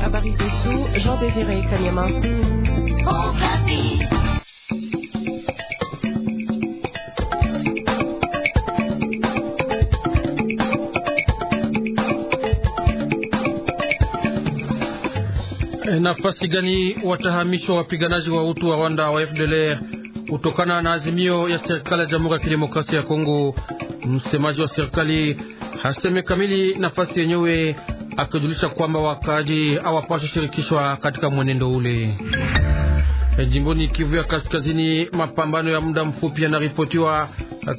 Habari zetu Jean Kanyama. Eh, nafasi gani watahamishwa wapiganaji wa utu wa Rwanda wa FDLR kutokana na azimio ya serikali ya Jamhuri ya Kidemokrasia ya Kongo? Msemaji wa serikali haseme kamili nafasi yenyewe, akijulisha kwamba wakaji hawapaswi shirikishwa katika mwenendo ule. E, jimboni Kivu ya Kaskazini, mapambano ya muda mfupi yanaripotiwa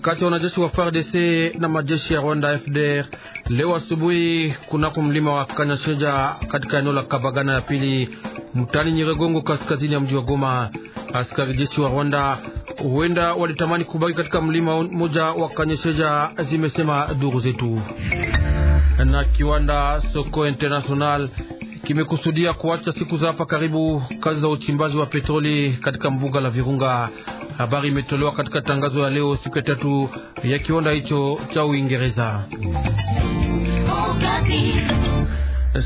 kati ya wanajeshi wa FARDC na majeshi ya Rwanda FDR leo asubuhi kunako mlima wa Kanyasheja katika eneo la Kabagana ya pili mtani Nyiregongo, kaskazini ya mji wa Goma. Askari jeshi wa Rwanda huenda walitamani kubaki katika mlima mmoja wa Kanyesheja, zimesema duru zetu. Na kiwanda Soko International kimekusudia kuacha siku za hapa karibu kazi za uchimbaji wa petroli katika mbuga la Virunga. Habari imetolewa katika tangazo ya leo siku ya tatu ya kiwanda hicho cha Uingereza.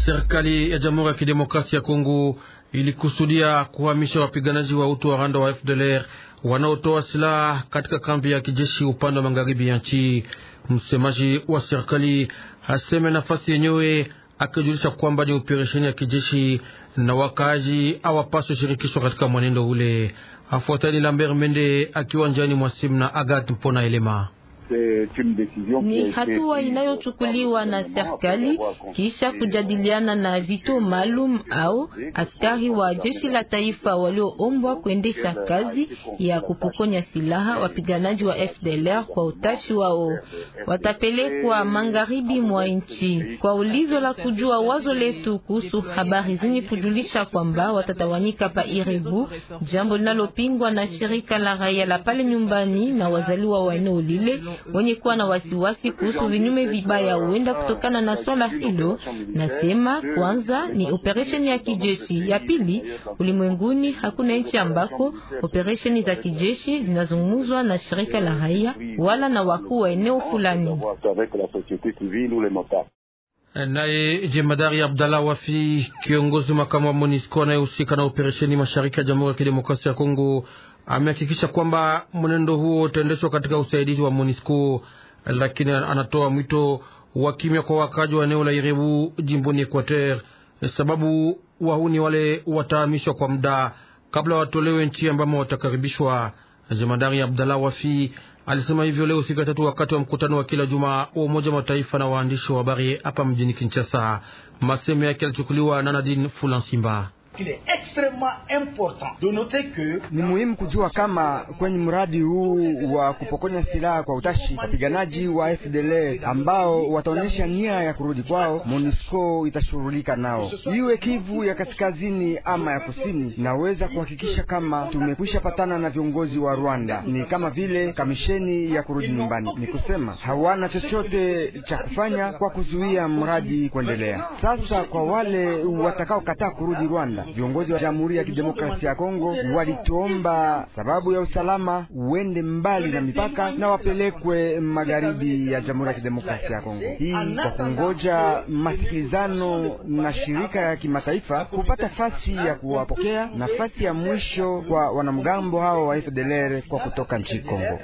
Serikali ya Jamhuri ya Kidemokrasia ya Kongo ilikusudia kuhamisha wapiganaji wa utu wa Rwanda wa FDLR wanaotoa silaha katika kambi ya kijeshi upande wa magharibi ya nchi. Msemaji wa serikali aseme nafasi yenyewe, akijulisha kwamba ni operesheni ya kijeshi na wakaaji hawapaswi shirikishwa katika mwenendo ule. Afuatani Lambert Mende akiwa njiani mwa simu na Agat Mpona Elema ni hatua inayochukuliwa na serikali kisha kujadiliana na vituo maalum au askari wa jeshi la taifa walioombwa kuendesha kazi ya kupokonya silaha wapiganaji wa FDLR kwa utashi wao, watapelekwa magharibi mwa nchi. Kwa ulizo la kujua wazo letu kuhusu habari zenye kujulisha kwamba watatawanyika pa Irebu, jambo linalopingwa na shirika la raia la pale nyumbani na wazaliwa wa eneo lile wenye kuwa na wasiwasi kuhusu vinyume vibaya huenda kutokana na swala hilo. Nasema kwanza ni operesheni ya kijeshi, ya pili ulimwenguni hakuna nchi ambako operesheni za kijeshi zinazungumzwa na shirika la raia wala na wakuu wa eneo fulani. Naye jemadari Abdallah Wafi, kiongozi makamu wa MONUSCO anayehusika na operesheni mashariki ya Jamhuri ya Kidemokrasia ya Kongo amehakikisha kwamba mwenendo huo utaendeshwa katika usaidizi wa MONUSCO, lakini anatoa mwito wa kimya kwa wakaji wa eneo la Irebu jimboni Equateur, sababu wahuni wale watahamishwa kwa muda kabla watolewe nchi ambamo watakaribishwa. Jemadari Abdallah Wafi alisema hivyo leo siku ya tatu wakati wa mkutano wa kila juma wa Umoja Mataifa na waandishi wa habari hapa mjini Kinshasa. Masemo yake yalichukuliwa na Nadine Fulansimba. Ni muhimu kujua kama kwenye mradi huu wa kupokonya silaha kwa utashi wapiganaji wa fdl ambao wataonyesha nia ya kurudi kwao, MONUSCO itashughulika nao, iwe Kivu ya kaskazini ama ya kusini. Naweza kuhakikisha kama tumekwisha patana na viongozi wa Rwanda, ni kama vile kamisheni ya kurudi nyumbani. Ni kusema hawana chochote cha kufanya kwa kuzuia mradi kuendelea. Sasa kwa wale watakaokataa kurudi Rwanda viongozi wa Jamhuri ya Kidemokrasia ya Kongo walituomba sababu ya usalama uende mbali na mipaka na wapelekwe magharibi ya Jamhuri ya Kidemokrasia ya Kongo. Hii kwa kungoja masikilizano na shirika ya kimataifa kupata fasi ya kuwapokea, nafasi ya mwisho kwa wanamgambo hao wa FDLR kwa kutoka nchi Kongo.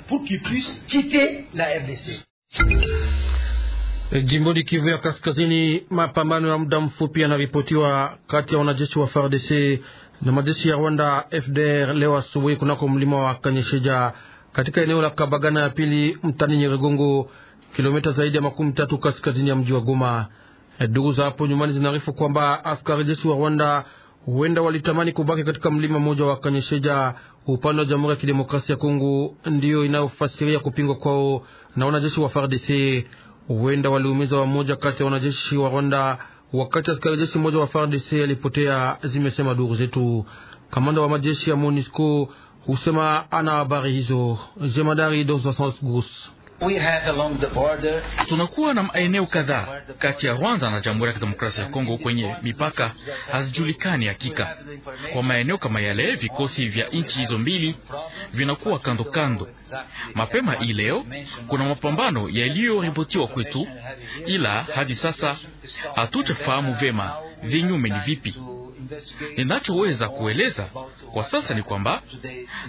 E, Jimboni Kivu ya Kaskazini, mapambano ya muda mfupi yanaripotiwa kati ya wanajeshi wa FARDC na majeshi ya Rwanda FDR leo asubuhi kunako mlima wa Kanyesheja katika eneo la Kabagana ya pili mtani Nyeregongo, kilomita zaidi ya makumi tatu kaskazini ya mji wa Goma. E, ndugu za hapo nyumbani zinaarifu kwamba askari jeshi wa Rwanda huenda walitamani kubaki katika mlima mmoja wa Kanyesheja upande wa Jamhuri ya Kidemokrasia ya Kongo, ndiyo inayofasiria kupingwa kwao na wanajeshi wa FARDC huenda waliumiza wamoja kati ya wanajeshi wa Rwanda wakati askari jeshi mmoja wa FARDC alipotea, zimesema duru zetu. Kamanda wa majeshi ya MONUSCO husema ana habari hizo. Jemadari Dos Santos Gus Tunakuwa na maeneo kadhaa kati ya Rwanda na Jamhuri ya Kidemokrasia ya Kongo kwenye mipaka hazijulikani hakika. Kwa maeneo kama yale, vikosi vya nchi hizo mbili vinakuwa kando kando. Mapema hii leo kuna mapambano yaliyoripotiwa kwetu, ila hadi sasa hatujafahamu vema vinyume ni vipi. Ninachoweza kueleza kwa sasa ni kwamba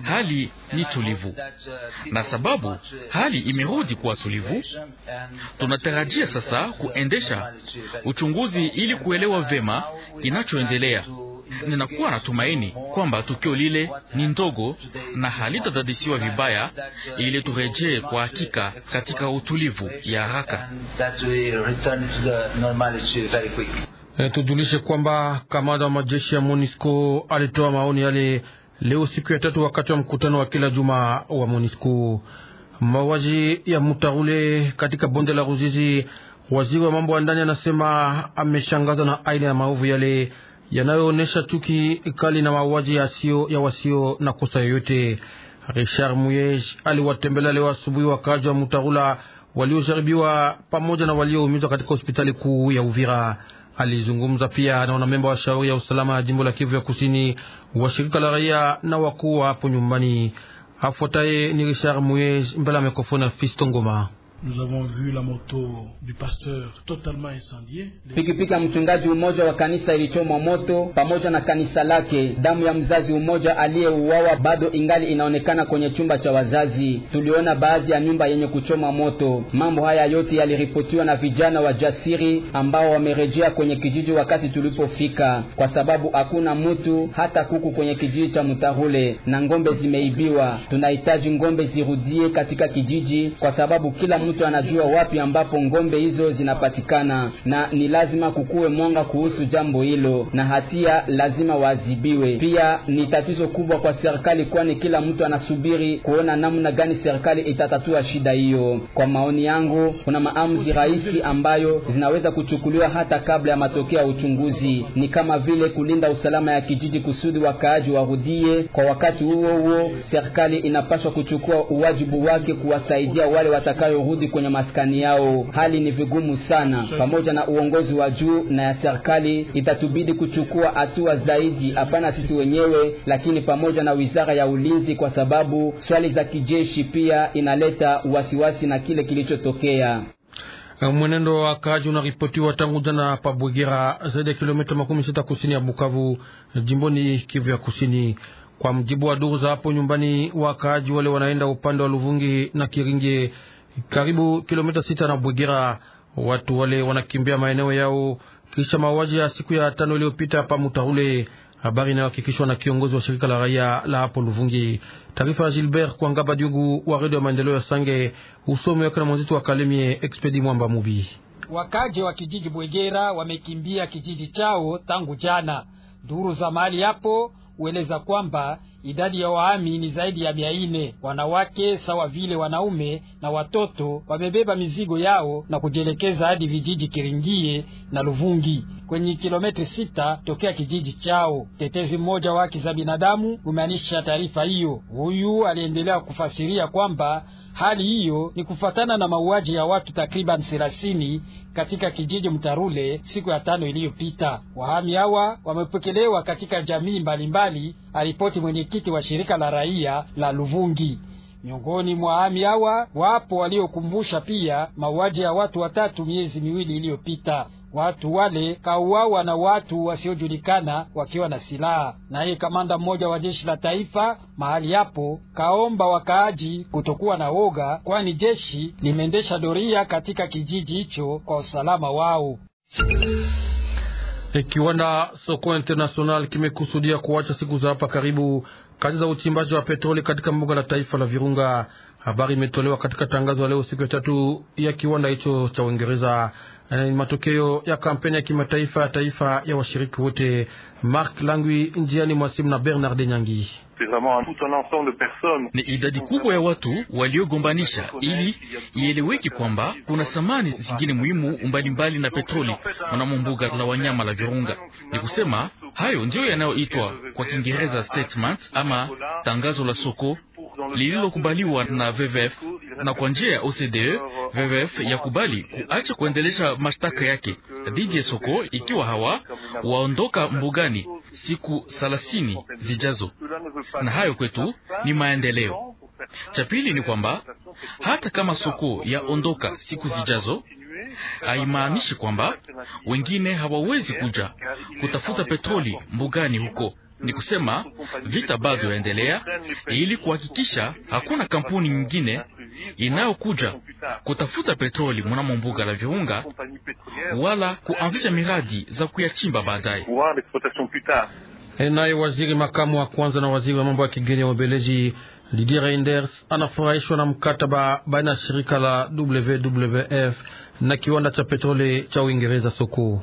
hali ni tulivu, na sababu hali imerudi kuwa tulivu, tunatarajia sasa kuendesha uchunguzi ili kuelewa vema kinachoendelea. Ninakuwa na tumaini kwamba tukio lile ni ndogo na halitadadisiwa vibaya, ili turejee kwa hakika katika utulivu ya haraka. E, tujulishe kwamba kamanda wa majeshi ya MONUSCO alitoa maoni yale leo siku ya tatu wakati wa mkutano wa kila juma wa MONUSCO. Mauaji ya Mutaule katika bonde la Ruzizi, waziri wa mambo ya ndani anasema ameshangaza na aina ya maovu yale yanayoonyesha chuki kali na mauaji yasio ya wasio na kosa yoyote. Richard Muyej aliwatembelea leo asubuhi wakaaji wa Mutarula waliojaribiwa pamoja na walioumizwa katika hospitali kuu ya Uvira. Alizungumza pia na wanamemba wa shauri ya usalama ya jimbo la Kivu ya Kusini, wa shirika la raia na wakuu hapo nyumbani. Afuataye ni Richard Muyej mbele ya mikrofoni ya Ngoma. Nous avons vu la moto du pasteur totalement incendiée. Pikipiki ya mchungaji umoja wa kanisa ilichomwa moto pamoja na kanisa lake. Damu ya mzazi umoja aliyeuawa bado ingali inaonekana kwenye chumba cha wazazi. Tuliona baadhi ya nyumba yenye kuchoma moto. Mambo haya yote yaliripotiwa na vijana wa jasiri ambao wamerejea kwenye kijiji wakati tulipofika, kwa sababu hakuna mtu hata kuku kwenye kijiji cha Mutarule na ngombe zimeibiwa. Tunahitaji ngombe zirudie katika kijiji kwa sababu kila mtu mtu anajua wapi ambapo ngombe hizo zinapatikana, na ni lazima kukuwe mwanga kuhusu jambo hilo, na hatia lazima waadhibiwe. Pia ni tatizo kubwa kwa serikali, kwani kila mtu anasubiri kuona namna gani serikali itatatua shida hiyo. Kwa maoni yangu, kuna maamuzi rahisi ambayo zinaweza kuchukuliwa hata kabla ya matokeo ya uchunguzi, ni kama vile kulinda usalama ya kijiji kusudi wakaaji warudie. Kwa wakati huo huo, serikali inapaswa kuchukua uwajibu wake kuwasaidia wale watakayorudi kurudi kwenye maskani yao. Hali ni vigumu sana. Pamoja na uongozi wa juu na ya serikali, itatubidi kuchukua hatua zaidi, hapana sisi wenyewe, lakini pamoja na wizara ya ulinzi, kwa sababu swali za kijeshi pia inaleta wasiwasi na kile kilichotokea. Mwenendo wa kaji unaripotiwa tangu jana pa Bwegera, zaidi ya kilomita makumi sita kusini ya Bukavu, jimboni Kivu ya Kusini. Kwa mjibu wa duru za hapo nyumbani, wakaaji wale wanaenda upande wa Luvungi na Kiringe karibu kilomita sita na Bwegera. Watu wale wanakimbia maeneo yao kisha mauaji ya siku ya tano iliyopita pa Mutahule. Habari inayohakikishwa na kiongozi wa shirika la raia la hapo Luvungi. Taarifa ya Gilbert Kwangaba Jugu wa redio ya maendeleo ya Sange, usomi wake na mwenzetu wa Kalemie Expedi Mwamba Mubi. Wakaji wa kijiji Bwegera wamekimbia kijiji chao tangu jana. Duru za mahali hapo hueleza kwamba Idadi ya wahami ni zaidi ya mia ine Wanawake sawa vile wanaume na watoto wamebeba mizigo yao na kujielekeza hadi vijiji Kiringie na Luvungi kwenye kilometri sita tokea kijiji chao. Tetezi mmoja wa haki za binadamu umeanisha taarifa hiyo. Huyu aliendelea kufasiria kwamba hali hiyo ni kufatana na mauaji ya watu takriban thelathini katika kijiji Mtarule siku ya tano iliyopita. Wahami hawa wamepokelewa katika jamii mbalimbali, alipoti mwenyekiti wa shirika la raia la Luvungi. Miongoni mwa wahami hawa wapo waliokumbusha pia mauaji ya watu watatu miezi miwili iliyopita. Watu wale kauawa na watu wasiojulikana wakiwa na silaha. Naye kamanda mmoja wa jeshi la taifa mahali hapo kaomba wakaaji kutokuwa na woga, kwani jeshi limeendesha doria katika kijiji hicho kwa usalama wao. Kiwanda Soko International kimekusudia kuacha siku za hapa karibu kazi za uchimbaji wa petroli katika mbuga la taifa la Virunga. Habari imetolewa katika tangazo leo siku ya tatu ya kiwanda hicho cha Uingereza. Ni matokeo ya kampeni ya kimataifa ya taifa ya washiriki wote. Mark Langwi njiani mwasimu na Bernard Nyangi ni idadi kubwa ya watu waliogombanisha ili ieleweke kwamba kuna samani zingine muhimu mbalimbali na petroli mnamo mbuga la wanyama la Virunga. Ni kusema hayo ndiyo yanayoitwa kwa Kiingereza statement ama tangazo la soko lililokubaliwa na WWF na kwa njia ya OCDE. WWF yakubali kuacha kuendelesha mashtaka yake dhidi ya Soko ikiwa hawa waondoka mbugani siku thelathini zijazo, na hayo kwetu ni maendeleo. Cha pili ni kwamba hata kama Soko yaondoka siku zijazo haimaanishi kwamba wengine hawawezi kuja kutafuta petroli mbugani huko. Ni kusema vita bado yaendelea, ili kuhakikisha hakuna kampuni nyingine inayokuja kutafuta petroli mnamo mbuga la Virunga wala kuanzisha miradi za kuyachimba baadaye. Eh, naye waziri makamu wa kwanza na waziri wa mambo ya kigeni ya Ubeleji Didier Reinders anafurahishwa na mkataba baina ya shirika la WWF na kiwanda cha petroli cha Uingereza Sokoo.